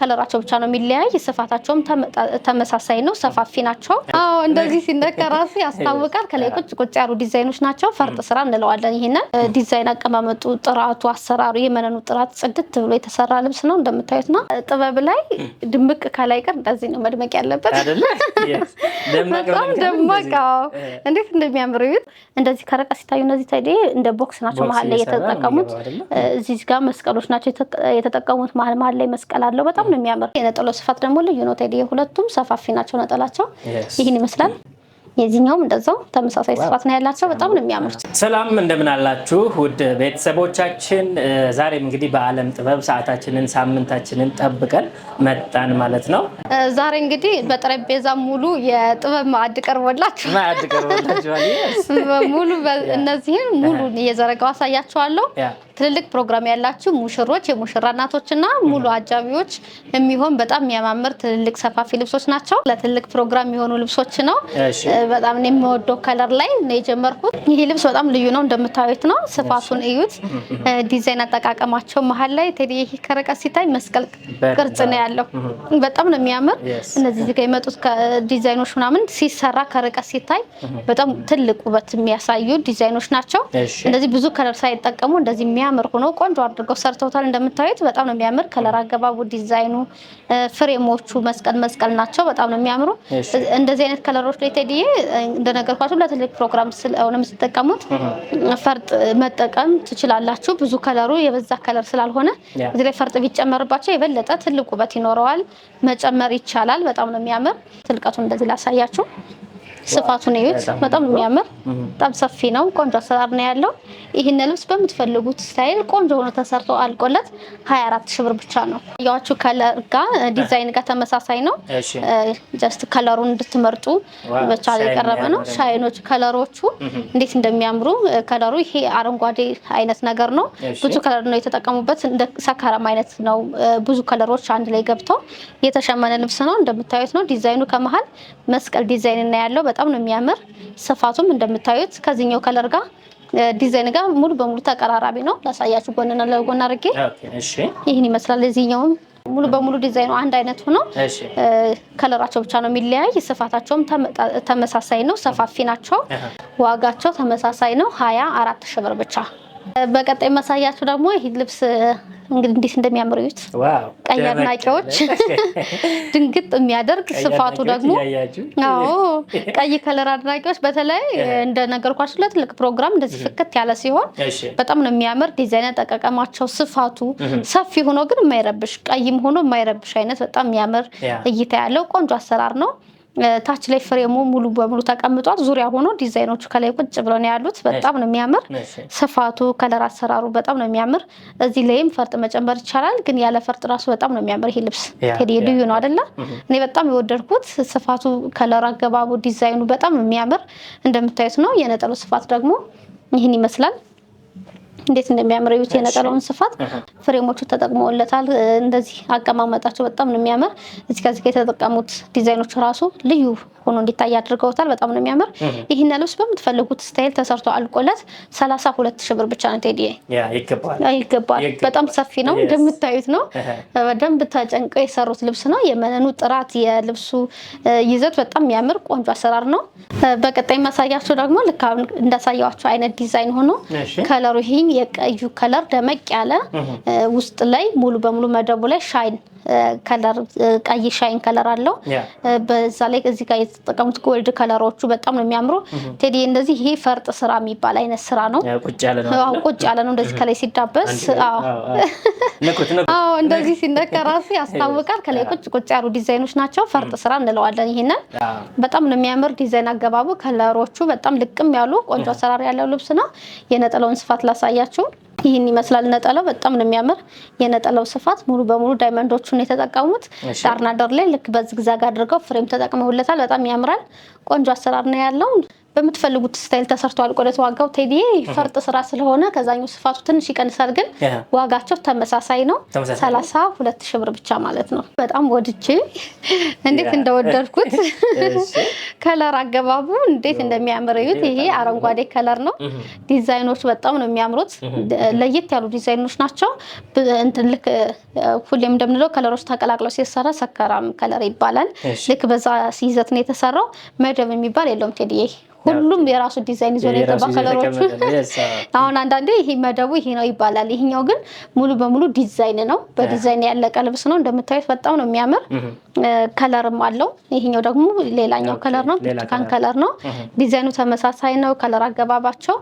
ከለራቸው ብቻ ነው የሚለያይ። ስፋታቸውም ተመሳሳይ ነው፣ ሰፋፊ ናቸው። አዎ እንደዚህ ሲነካ ራሱ ያስታውቃል። ከላይ ቁጭ ቁጭ ያሉ ዲዛይኖች ናቸው። ፈርጥ ስራ እንለዋለን። ይህንን ዲዛይን አቀማመጡ፣ ጥራቱ፣ አሰራሩ፣ የመነኑ ጥራት ጽድት ብሎ የተሰራ ልብስ ነው እንደምታዩት ነው። ጥበብ ላይ ድምቅ ካላይቀር እንደዚህ ነው መድመቅ ያለበት። በጣም ደማቅ እንዴት እንደሚያምር እንደዚህ ከርቀት ሲታዩ እነዚህ ታዲያ እንደ ቦክስ ናቸው መሀል ላይ የተጠቀሙት። እዚህ ጋር መስቀሎች ናቸው የተጠቀሙት። መሀል መሀል ላይ መስቀል አለው በጣም በጣም ነው የሚያምር። የነጠሎ ስፋት ደግሞ ልዩ ነው ቴዲ። ሁለቱም ሰፋፊ ናቸው ነጠላቸው ይህን ይመስላል። የዚህኛውም እንደዛው ተመሳሳይ ስፋት ነው ያላቸው። በጣም ነው የሚያምሩት። ሰላም እንደምን አላችሁ ውድ ቤተሰቦቻችን፣ ዛሬም እንግዲህ በዓለም ጥበብ ሰዓታችንን ሳምንታችንን ጠብቀን መጣን ማለት ነው። ዛሬ እንግዲህ በጠረጴዛ ሙሉ የጥበብ ማዕድ ቀርቦላችሁ ማዕድ ቀርቦላችሁ ሙሉ እነዚህን ሙሉ እየዘረጋው አሳያችኋለሁ። ትልልቅ ፕሮግራም ያላችሁ ሙሽሮች፣ የሙሽራ እናቶችና ሙሉ አጃቢዎች የሚሆን በጣም የሚያማምር ትልልቅ ሰፋፊ ልብሶች ናቸው። ለትልቅ ፕሮግራም የሆኑ ልብሶች ነው። በጣም የሚወደው ከለር ላይ ነው የጀመርኩት። ይህ ልብስ በጣም ልዩ ነው፣ እንደምታዩት ነው። ስፋቱን እዩት፣ ዲዛይን አጠቃቀማቸው መሀል ላይ ቴዲ፣ ከርቀት ሲታይ መስቀል ቅርጽ ነው ያለው። በጣም ነው የሚያምር። እነዚህ ጋ የመጡት ዲዛይኖች ምናምን ሲሰራ ከርቀት ሲታይ በጣም ትልቅ ውበት የሚያሳዩ ዲዛይኖች ናቸው። እንደዚህ ብዙ ከለር ሳይጠቀሙ እንደዚህ የሚያ የሚያምር ሆኖ ቆንጆ አድርገው ሰርተውታል። እንደምታዩት በጣም ነው የሚያምር ከለር አገባቡ፣ ዲዛይኑ፣ ፍሬሞቹ መስቀል መስቀል ናቸው። በጣም ነው የሚያምሩ። እንደዚህ አይነት ከለሮች ላይ ቴዲዬ እንደነገርኳችሁ ለትልቅ ፕሮግራም ስለሆነ የምትጠቀሙት ፈርጥ መጠቀም ትችላላችሁ። ብዙ ከለሩ የበዛ ከለር ስላልሆነ እዚህ ላይ ፈርጥ ቢጨመርባቸው የበለጠ ትልቅ ውበት ይኖረዋል። መጨመር ይቻላል። በጣም ነው የሚያምር። ትልቀቱን እንደዚህ ላሳያችሁ ስፋቱን እዩት። በጣም የሚያምር በጣም ሰፊ ነው። ቆንጆ አሰራር ነው ያለው። ይህን ልብስ በምትፈልጉት ስታይል ቆንጆ ሆኖ ተሰርቶ አልቆለት 24 ሺህ ብር ብቻ ነው። ያዋቹ ከለር ጋር ዲዛይን ጋር ተመሳሳይ ነው። ጀስት ከለሩን እንድትመርጡ ብቻ የቀረበ ነው። ሻይኖች ከለሮቹ እንዴት እንደሚያምሩ ከለሩ ይሄ አረንጓዴ አይነት ነገር ነው። ብዙ ከለር ነው የተጠቀሙበት። እንደ ሰካራም አይነት ነው። ብዙ ከለሮች አንድ ላይ ገብተው የተሸመነ ልብስ ነው። እንደምታዩት ነው ዲዛይኑ ከመሀል መስቀል ዲዛይን እና ያለው በጣም ነው የሚያምር። ስፋቱም እንደምታዩት ከዚህኛው ከለር ጋር ዲዛይን ጋር ሙሉ በሙሉ ተቀራራቢ ነው። ላሳያችሁ ጎንና ለጎን አድርጌ ይህን ይመስላል። እዚህኛውም ሙሉ በሙሉ ዲዛይኑ አንድ አይነት ሆኖ ከለራቸው ብቻ ነው የሚለያይ። ስፋታቸውም ተመሳሳይ ነው፣ ሰፋፊ ናቸው። ዋጋቸው ተመሳሳይ ነው፣ ሀያ አራት ሺህ ብር ብቻ በቀጣይ ማሳያችሁ ደግሞ ይህ ልብስ እንግዲህ እንዴት እንደሚያምር እዩት። ቀይ አድናቂዎች ድንግጥ የሚያደርግ ስፋቱ ደግሞ አዎ፣ ቀይ ከለር አድናቂዎች በተለይ እንደነገርኳችሁ ለትልቅ ፕሮግራም እንደዚህ ፍክት ያለ ሲሆን በጣም ነው የሚያምር። ዲዛይን ጠቀቀማቸው ስፋቱ ሰፊ ሆኖ ግን የማይረብሽ ቀይም ሆኖ የማይረብሽ አይነት በጣም የሚያምር እይታ ያለው ቆንጆ አሰራር ነው። ታች ላይ ፍሬሙ ሙሉ በሙሉ ተቀምጧል። ዙሪያ ሆኖ ዲዛይኖቹ ከላይ ቁጭ ብለው ነው ያሉት። በጣም ነው የሚያምር ስፋቱ፣ ከለር አሰራሩ በጣም ነው የሚያምር። እዚህ ላይም ፈርጥ መጨመር ይቻላል፣ ግን ያለ ፈርጥ ራሱ በጣም ነው የሚያምር ይሄ ልብስ። ቴዲ ልዩ ነው አደለ? እኔ በጣም የወደድኩት ስፋቱ፣ ከለር አገባቡ፣ ዲዛይኑ በጣም የሚያምር እንደምታዩት ነው። የነጠሉ ስፋት ደግሞ ይህን ይመስላል። እንዴት እንደሚያምር ዩት የነጠላውን ስፋት ፍሬሞቹ ተጠቅመውለታል። እንደዚህ አቀማመጣቸው በጣም ነው የሚያምር። እዚህ ከዚህ የተጠቀሙት ዲዛይኖች ራሱ ልዩ ሆኖ እንዲታይ አድርገውታል። በጣም ነው የሚያምር። ይህን ልብስ በምትፈልጉት ስታይል ተሰርቶ አልቆለት ሰላሳ ሁለት ሺህ ብር ብቻ ነው። ቴዲ ይገባል። በጣም ሰፊ ነው እንደምታዩት ነው። በደንብ ተጨንቀው የሰሩት ልብስ ነው። የመነኑ ጥራት፣ የልብሱ ይዘት በጣም የሚያምር ቆንጆ አሰራር ነው። በቀጣይ ማሳያቸው ደግሞ ልክ እንዳሳያቸው አይነት ዲዛይን ሆኖ ከለሩ ይሄ የቀዩ ከለር ደመቅ ያለ ውስጥ ላይ ሙሉ በሙሉ መደቡ ላይ ሻይን ከለር ቀይ ሻይን ከለር አለው። በዛ ላይ እዚህ ጋር የተጠቀሙት ጎልድ ከለሮቹ በጣም ነው የሚያምሩ። ቴዲ እንደዚህ ይሄ ፈርጥ ስራ የሚባል አይነት ስራ ነው። ቁጭ ያለ ነው እንደዚህ ከላይ ሲዳበስ እንደዚህ ሲነካ ራሱ ያስታውቃል። ከላይ ቁጭ ቁጭ ያሉ ዲዛይኖች ናቸው። ፈርጥ ስራ እንለዋለን። ይሄንን በጣም ነው የሚያምር ዲዛይን አገባቡ፣ ከለሮቹ በጣም ልቅም ያሉ ቆንጆ አሰራር ያለው ልብስ ነው። የነጠለውን ስፋት ላሳያችሁ። ይህን ይመስላል ነጠላው። በጣም ነው የሚያምር የነጠላው ስፋት። ሙሉ በሙሉ ዳይመንዶቹን የተጠቀሙት ዳርና ዳር ላይ ልክ በዝግዛግ አድርገው ፍሬም ተጠቅመውለታል። በጣም ያምራል። ቆንጆ አሰራር ነው ያለው። በምትፈልጉት ስታይል ተሰርቷል። ቆደት ዋጋው ቴዲዬ ፈርጥ ስራ ስለሆነ ከዛኛው ስፋቱ ትንሽ ይቀንሳል፣ ግን ዋጋቸው ተመሳሳይ ነው። ሰላሳ ሁለት ሺህ ብር ብቻ ማለት ነው። በጣም ወድጄ እንዴት እንደወደድኩት ከለር አገባቡ እንዴት እንደሚያምር እዩት። ይሄ አረንጓዴ ከለር ነው። ዲዛይኖች በጣም ነው የሚያምሩት። ለየት ያሉ ዲዛይኖች ናቸው። ልክ ሁሌም እንደምንለው ከለሮች ተቀላቅለው ሲሰራ ሰከራም ከለር ይባላል። ልክ በዛ ይዘት ነው የተሰራው። መደብ የሚባል የለውም ቴዲዬ ሁሉም የራሱ ዲዛይን ይዞ ነው የገባ ከለሮቹ። አሁን አንዳንዴ ይሄ መደቡ ይሄ ነው ይባላል። ይሄኛው ግን ሙሉ በሙሉ ዲዛይን ነው፣ በዲዛይን ያለቀ ልብስ ነው። እንደምታዩት በጣም ነው የሚያምር ከለርም አለው። ይሄኛው ደግሞ ሌላኛው ከለር ነው፣ ብርቱካን ከለር ነው። ዲዛይኑ ተመሳሳይ ነው። ከለር አገባባቸው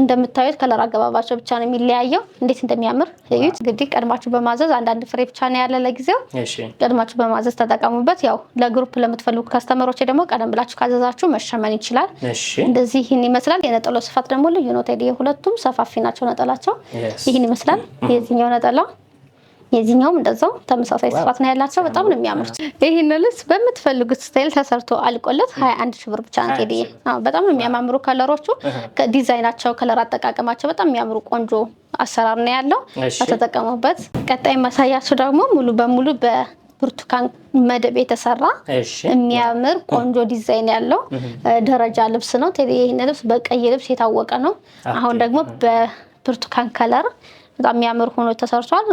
እንደምታዩት ከለር አገባባቸው ብቻ ነው የሚለያየው። እንዴት እንደሚያምር እዩት። እንግዲህ ቀድማችሁ በማዘዝ አንዳንድ ፍሬ ብቻ ነው ያለ ለጊዜው። ቀድማችሁ በማዘዝ ተጠቀሙበት። ያው ለግሩፕ ለምትፈልጉ ከስተመሮች ደግሞ ቀደም ብላችሁ ካዘዛችሁ መሸመን ይችላል። እንደዚህ ይህን ይመስላል። የነጠላው ስፋት ደግሞ ልዩ ነው ቴዲ። የሁለቱም ሰፋፊ ናቸው ነጠላቸው። ይህን ይመስላል mm-hmm. የዚህኛው ነጠላ የዚህኛውም እንደዛው ተመሳሳይ ስፋት ነው ያላቸው። በጣም ነው የሚያምሩት። ይህን ልብስ በምትፈልጉት ስታይል ተሰርቶ አልቆለት ሀያ አንድ ሺህ ብር ብቻ ነው ቴዲ። በጣም ነው የሚያማምሩ ከለሮቹ፣ uh-huh. ዲዛይናቸው፣ ከለር አጠቃቀማቸው በጣም የሚያምሩ ቆንጆ አሰራር ነው ያለው። ተጠቀሙበት። ቀጣይ ማሳያቸው ደግሞ ሙሉ በሙሉ በ ብርቱካን መደብ የተሰራ የሚያምር ቆንጆ ዲዛይን ያለው ደረጃ ልብስ ነው። ይህን ልብስ በቀይ ልብስ የታወቀ ነው። አሁን ደግሞ በብርቱካን ከለር በጣም የሚያምር ሆኖ ተሰርቷል።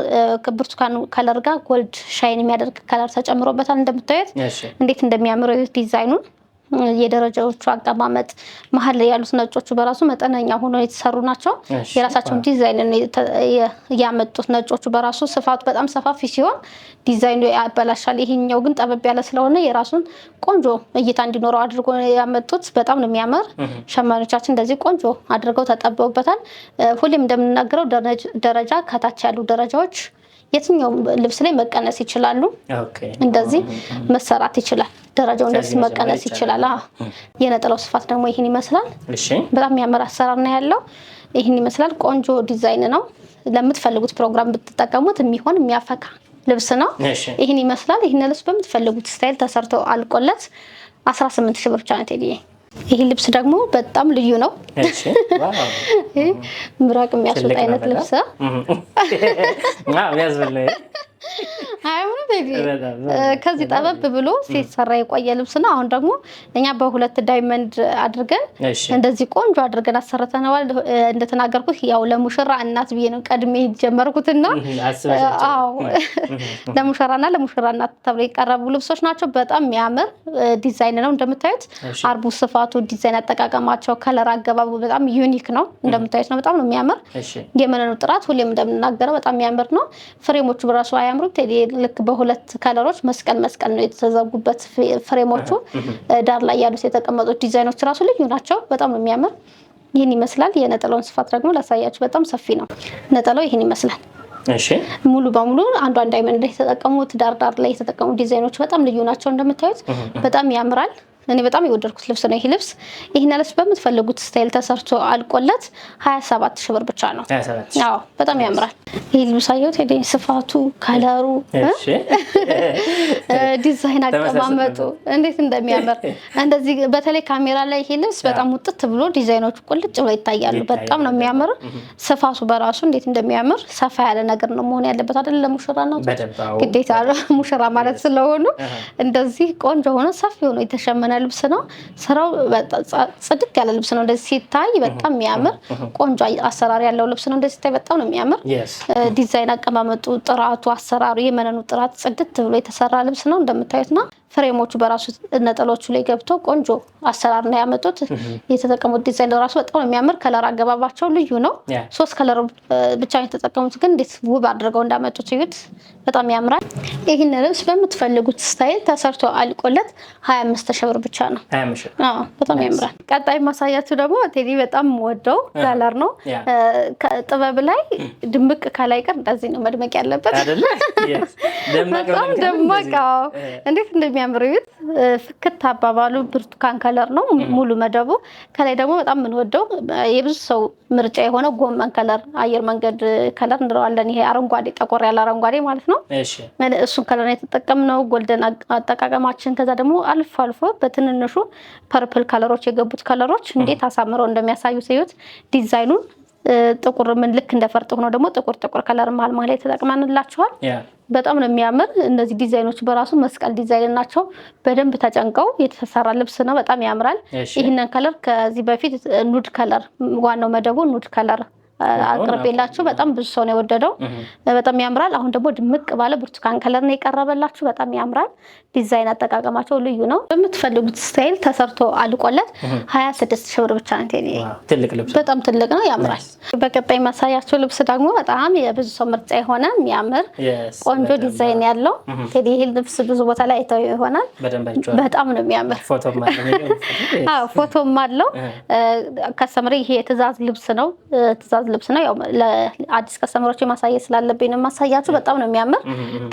ከብርቱካን ከለር ጋር ጎልድ ሻይን የሚያደርግ ከለር ተጨምሮበታል። እንደምታዩት እንዴት እንደሚያምር ዲዛይኑን የደረጃዎቹ አቀማመጥ መሀል ላይ ያሉት ነጮቹ በራሱ መጠነኛ ሆኖ የተሰሩ ናቸው። የራሳቸውን ዲዛይን ያመጡት ነጮቹ በራሱ ስፋቱ በጣም ሰፋፊ ሲሆን ዲዛይኑ ያበላሻል። ይሄኛው ግን ጠበብ ያለ ስለሆነ የራሱን ቆንጆ እይታ እንዲኖረው አድርጎ ያመጡት በጣም ነው የሚያምር። ሸማኔዎቻችን እንደዚህ ቆንጆ አድርገው ተጠበውበታል። ሁሌም እንደምንናገረው ደረጃ ከታች ያሉ ደረጃዎች የትኛውም ልብስ ላይ መቀነስ ይችላሉ። እንደዚህ መሰራት ይችላል። ደረጃው እንደዚህ መቀነስ ይችላል። የነጠላው ስፋት ደግሞ ይህን ይመስላል። በጣም የሚያምር አሰራር ነው ያለው። ይህን ይመስላል። ቆንጆ ዲዛይን ነው። ለምትፈልጉት ፕሮግራም ብትጠቀሙት የሚሆን የሚያፈካ ልብስ ነው። ይህን ይመስላል። ይህን ልብስ በምትፈልጉት ስታይል ተሰርቶ አልቆለት 18 ሺህ ብር ብቻ ነው። ይህ ልብስ ደግሞ በጣም ልዩ ነው። ምራቅ የሚያስወጥ አይነት ልብስ ነው። አይሁን ቤቢ ከዚህ ጠበብ ብሎ ሲሰራ የቆየ ልብስ ነው። አሁን ደግሞ እኛ በሁለት ዳይመንድ አድርገን እንደዚህ ቆንጆ አድርገን አሰርተነዋል። እንደተናገርኩት ያው ለሙሽራ እናት ብዬ ነው ቀድሜ ጀመርኩትና፣ ለሙሽራና ለሙሽራ እናት ተብሎ የቀረቡ ልብሶች ናቸው። በጣም የሚያምር ዲዛይን ነው እንደምታዩት። አርቡ ስፋቱ፣ ዲዛይን አጠቃቀማቸው፣ ከለር አገባቡ በጣም ዩኒክ ነው እንደምታዩት ነው። በጣም ነው የሚያምር። የመነኑ ጥራት ሁሌም እንደምናገረው በጣም የሚያምር ነው። ፍሬሞቹ በራሱ አያምሩም። ቴዲ ልክ በሁለት ከለሮች መስቀል መስቀል ነው የተዘጉበት ፍሬሞቹ። ዳር ላይ ያሉት የተቀመጡት ዲዛይኖች ራሱ ልዩ ናቸው። በጣም ነው የሚያምር። ይህን ይመስላል። የነጠላውን ስፋት ደግሞ ላሳያችሁ። በጣም ሰፊ ነው ነጠላው። ይህን ይመስላል ሙሉ በሙሉ አንዷ አንድ አይመን የተጠቀሙት ዳር ዳር ላይ የተጠቀሙት ዲዛይኖች በጣም ልዩ ናቸው። እንደምታዩት በጣም ያምራል። እኔ በጣም የወደድኩት ልብስ ነው ይሄ ልብስ። ይህን ልብስ በምትፈልጉት ስታይል ተሰርቶ አልቆለት 27 ሺህ ብር ብቻ ነው። አዎ በጣም ያምራል ይሄ ልብስ። አየሁት ሄደኝ፣ ስፋቱ፣ ከለሩ፣ ዲዛይን አቀማመጡ እንዴት እንደሚያምር እንደዚህ። በተለይ ካሜራ ላይ ይሄ ልብስ በጣም ውጥት ብሎ ዲዛይኖቹ ቁልጭ ብሎ ይታያሉ። በጣም ነው የሚያምር። ስፋቱ በራሱ እንዴት እንደሚያምር ሰፋ ያለ ነገር ነው መሆን ያለበት አይደል? ለሙሽራ ነው ግዴታ ሙሽራ ማለት ስለሆኑ እንደዚህ ቆንጆ ሆነ ሰፊ ሆኖ የተሸመነ የመጀመሪያ ልብስ ነው። ስራው ጽድቅ ያለ ልብስ ነው። እንደዚህ ሲታይ በጣም የሚያምር ቆንጆ አሰራር ያለው ልብስ ነው። እንደዚህ ሲታይ በጣም ነው የሚያምር። ዲዛይን አቀማመጡ፣ ጥራቱ፣ አሰራሩ፣ የመነኑ ጥራት ጽድት ብሎ የተሰራ ልብስ ነው እንደምታዩት ነው። ፍሬሞቹ በራሱ ነጠሎቹ ላይ ገብተው ቆንጆ አሰራር ነው ያመጡት። የተጠቀሙት ዲዛይን ራሱ በጣም የሚያምር ከለር አገባባቸው ልዩ ነው። ሶስት ከለር ብቻ የተጠቀሙት ግን እንዴት ውብ አድርገው እንዳመጡት እዩት። በጣም ያምራል። ይህን ልብስ በምትፈልጉት ስታይል ተሰርቶ አልቆለት ሀያ አምስት ሺህ ብር ብቻ ነው። በጣም ያምራል። ቀጣይ ማሳያቱ ደግሞ ቴዲ በጣም ወደው ከለር ነው። ጥበብ ላይ ድምቅ ቀር እንደዚህ ነው መድመቅ ያለበት። በጣም ደማቅ እንዴት እንደሚያ የሚያምር ዩት ፍክት አባባሉ ብርቱካን ከለር ነው ሙሉ መደቡ። ከላይ ደግሞ በጣም የምንወደው የብዙ ሰው ምርጫ የሆነ ጎመን ከለር አየር መንገድ ከለር እንለዋለን። ይሄ አረንጓዴ ጠቆር ያለ አረንጓዴ ማለት ነው። እሱን ከለር የተጠቀምነው ጎልደን አጠቃቀማችን። ከዛ ደግሞ አልፎ አልፎ በትንንሹ ፐርፕል ከለሮች የገቡት ከለሮች እንዴት አሳምረው እንደሚያሳዩ ሲዩት ዲዛይኑን ጥቁር ምን ልክ እንደ ፈርጥ ሆኖ ደግሞ ጥቁር ጥቁር ከለር መሀል መሀል ላይ ተጠቅመንላችኋል። በጣም ነው የሚያምር። እነዚህ ዲዛይኖች በራሱ መስቀል ዲዛይን ናቸው። በደንብ ተጨንቀው የተሰራ ልብስ ነው። በጣም ያምራል። ይህንን ከለር ከዚህ በፊት ኑድ ከለር ዋናው መደቡ ኑድ ከለር አቅርቤላችሁ በጣም ብዙ ሰው ነው የወደደው። በጣም ያምራል። አሁን ደግሞ ድምቅ ባለ ብርቱካን ከለር ነው የቀረበላችሁ። በጣም ያምራል። ዲዛይን አጠቃቀማቸው ልዩ ነው። በምትፈልጉት ስታይል ተሰርቶ አልቆለት ሀያ ስድስት ሺህ ብር ብቻ ነው። በጣም ትልቅ ነው፣ ያምራል። በቀጣይ ማሳያቸው ልብስ ደግሞ በጣም የብዙ ሰው ምርጫ የሆነ የሚያምር ቆንጆ ዲዛይን ያለው እንግዲህ ይህ ልብስ ብዙ ቦታ ላይ አይተው ይሆናል። በጣም ነው የሚያምር። ፎቶም አለው ከስተምሪ። ይሄ የትእዛዝ ልብስ ነው ትእዛዝ ልብስ ነው። ያው ለአዲስ ከስተመሮች ማሳየት ስላለብኝ ነው የማሳያችሁ። በጣም ነው የሚያምር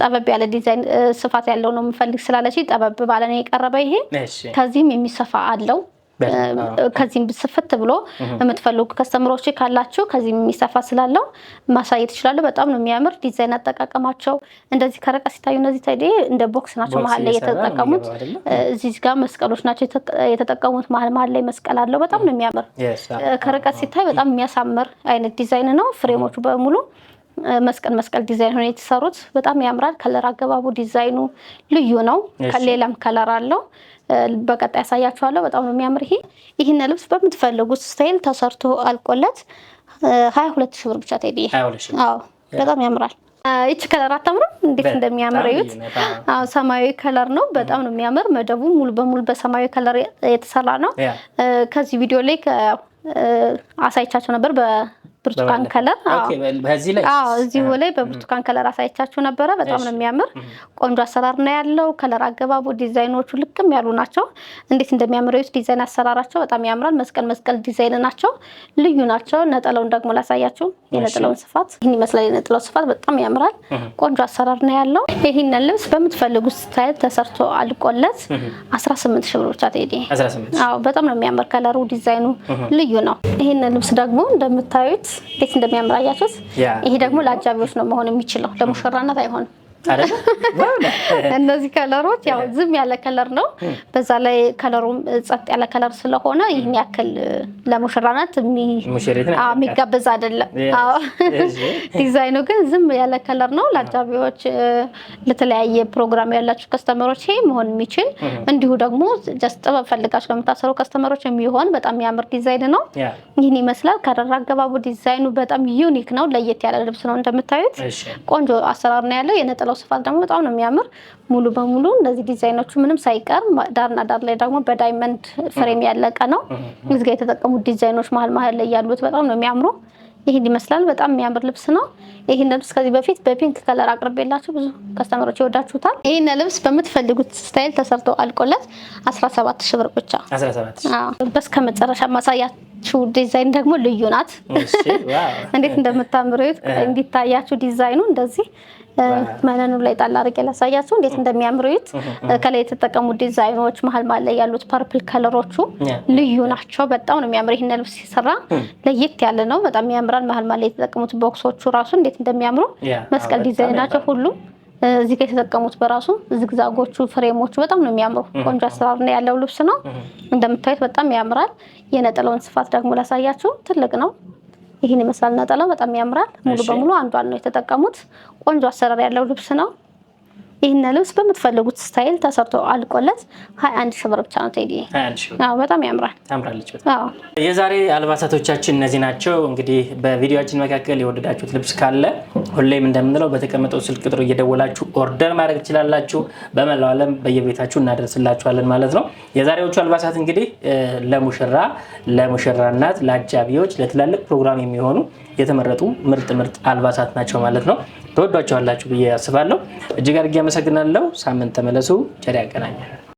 ጠበብ ያለ ዲዛይን ስፋት ያለው ነው የምፈልግ ስላለች ጠበብ ባለ ነው የቀረበ ይሄ። ከዚህም የሚሰፋ አለው ከዚህም ስፍት ብሎ የምትፈልጉ ከስተምሮች ካላችሁ ከዚህ የሚሰፋ ስላለው ማሳየት ይችላሉ። በጣም ነው የሚያምር ዲዛይን አጠቃቀማቸው። እንደዚህ ከረቀ ሲታዩ እነዚህ ታዲያ እንደ ቦክስ ናቸው። መሀል ላይ የተጠቀሙት እዚህ ጋር መስቀሎች ናቸው የተጠቀሙት። መሀል መሀል ላይ መስቀል አለው። በጣም ነው የሚያምር ከረቀ ሲታይ በጣም የሚያሳምር አይነት ዲዛይን ነው። ፍሬሞቹ በሙሉ መስቀል መስቀል ዲዛይን ሆነ የተሰሩት በጣም ያምራል። ከለር አገባቡ ዲዛይኑ ልዩ ነው። ከሌላም ከለር አለው። በቀጣይ ያሳያችኋለሁ። በጣም ነው የሚያምር ይሄ ይህን ልብስ በምትፈልጉት ስታይል ተሰርቶ አልቆለት ሀያ ሁለት ሺህ ብር ብቻ ተይዲ። አዎ በጣም ያምራል። ይቺ ከለር አታምርም? እንዴት እንደሚያምር እዩት። ሰማያዊ ከለር ነው። በጣም ነው የሚያምር። መደቡ ሙሉ በሙሉ በሰማያዊ ከለር የተሰራ ነው። ከዚህ ቪዲዮ ላይ አሳይቻቸው ነበር በብርቱካን ከለር። እዚሁ ላይ በብርቱካን ከለር አሳይቻችሁ ነበረ። በጣም ነው የሚያምር ቆንጆ አሰራር ነው ያለው። ከለር አገባቡ ዲዛይኖቹ ልክም ያሉ ናቸው። እንዴት እንደሚያምር ዲዛይን አሰራራቸው በጣም ያምራል። መስቀል መስቀል ዲዛይን ናቸው፣ ልዩ ናቸው። ነጠለውን ደግሞ ላሳያችሁ። የነጠላውን ስፋት ይህን ይመስላል። የነጠላው ስፋት በጣም ያምራል። ቆንጆ አሰራር ነው ያለው። ይህንን ልብስ በምትፈልጉት ስታይል ተሰርቶ አልቆለት 18 ሺህ ብር ብቻ ትሄድ። በጣም ነው የሚያምር ከለሩ ዲዛይኑ ልዩ ልዩ ነው። ይህን ልብስ ደግሞ እንደምታዩት እንዴት እንደሚያምር አያችሁት? ይሄ ደግሞ ለአጃቢዎች ነው መሆን የሚችለው፣ ለሙሽራነት አይሆንም። እነዚህ ከለሮች ያው ዝም ያለ ከለር ነው። በዛ ላይ ከለሩም ጸጥ ያለ ከለር ስለሆነ ይህን ያክል ለሙሽራነት የሚጋበዝ አይደለም። ዲዛይኑ ግን ዝም ያለ ከለር ነው። ለአጃቢዎች፣ ለተለያየ ፕሮግራም ያላችሁ ከስተመሮች ይሄ መሆን የሚችል እንዲሁ ደግሞ ጀስት ጥበብ ፈልጋችሁ ለምታሰሩ ከስተመሮች የሚሆን በጣም የሚያምር ዲዛይን ነው። ይህን ይመስላል። ከረራ አገባቡ ዲዛይኑ በጣም ዩኒክ ነው። ለየት ያለ ልብስ ነው እንደምታዩት ቆንጆ አሰራር ነው ያለው የነጠላው ያለው ስፋት ደግሞ በጣም ነው የሚያምር። ሙሉ በሙሉ እንደዚህ ዲዛይኖቹ ምንም ሳይቀር ዳርና ዳር ላይ ደግሞ በዳይመንድ ፍሬም ያለቀ ነው። እዚህ ጋር የተጠቀሙት ዲዛይኖች መሀል መሀል ላይ ያሉት በጣም ነው የሚያምሩ። ይህን ይመስላል። በጣም የሚያምር ልብስ ነው። ይህን ልብስ ከዚህ በፊት በፒንክ ከለር አቅርቤላቸው ብዙ ከስተመሮች ይወዳችሁታል። ይህን ልብስ በምትፈልጉት ስታይል ተሰርቶ አልቆለት 17 ሺህ ብር ብቻ። በስከ መጨረሻ ማሳያችሁ ዲዛይን ደግሞ ልዩ ናት። እንዴት እንደምታምሩት እንዲታያችሁ ዲዛይኑ እንደዚህ መነኑ ላይ ጣል አድርጌ ላሳያችሁ እንዴት እንደሚያምሩ እዩት። ከላይ የተጠቀሙ ዲዛይኖች መሀል ማለ ያሉት ፐርፕል ከለሮቹ ልዩ ናቸው። በጣም ነው የሚያምር። ይህን ልብስ ሲሰራ ለየት ያለ ነው። በጣም ያምራል። መሀል ማለ የተጠቀሙት ቦክሶቹ ራሱ እንዴት እንደሚያምሩ መስቀል ዲዛይን ናቸው ሁሉም እዚህ ጋር የተጠቀሙት በራሱ ዝግዛጎቹ፣ ፍሬሞቹ በጣም ነው የሚያምሩ። ቆንጆ አሰራር ነው ያለው ልብስ ነው። እንደምታዩት በጣም ያምራል። የነጠላውን ስፋት ደግሞ ላሳያችሁ፣ ትልቅ ነው። ይህን ይመስላል። ነጠላው በጣም ያምራል። ሙሉ በሙሉ አንዷን ነው የተጠቀሙት። ቆንጆ አሰራር ያለው ልብስ ነው። ይህን ልብስ በምትፈልጉት ስታይል ተሰርቶ አልቆለት ሀያ አንድ ሺህ ብር ብቻ ነው። ቴዲ በጣም ያምራል። ታምራለች። የዛሬ አልባሳቶቻችን እነዚህ ናቸው። እንግዲህ በቪዲዮችን መካከል የወደዳችሁት ልብስ ካለ ሁሌም እንደምንለው በተቀመጠው ስልክ ቁጥር እየደወላችሁ ኦርደር ማድረግ ትችላላችሁ። በመላው ዓለም በየቤታችሁ እናደርስላችኋለን ማለት ነው። የዛሬዎቹ አልባሳት እንግዲህ ለሙሽራ ለሙሽራ እናት፣ ለአጃቢዎች፣ ለትላልቅ ፕሮግራም የሚሆኑ የተመረጡ ምርጥ ምርጥ አልባሳት ናቸው ማለት ነው። ትወዷቸዋላችሁ ብዬ አስባለሁ። እጅግ አድርጌ አመሰግናለሁ። ሳምንት ተመለሱ። ቸር ያገናኛል።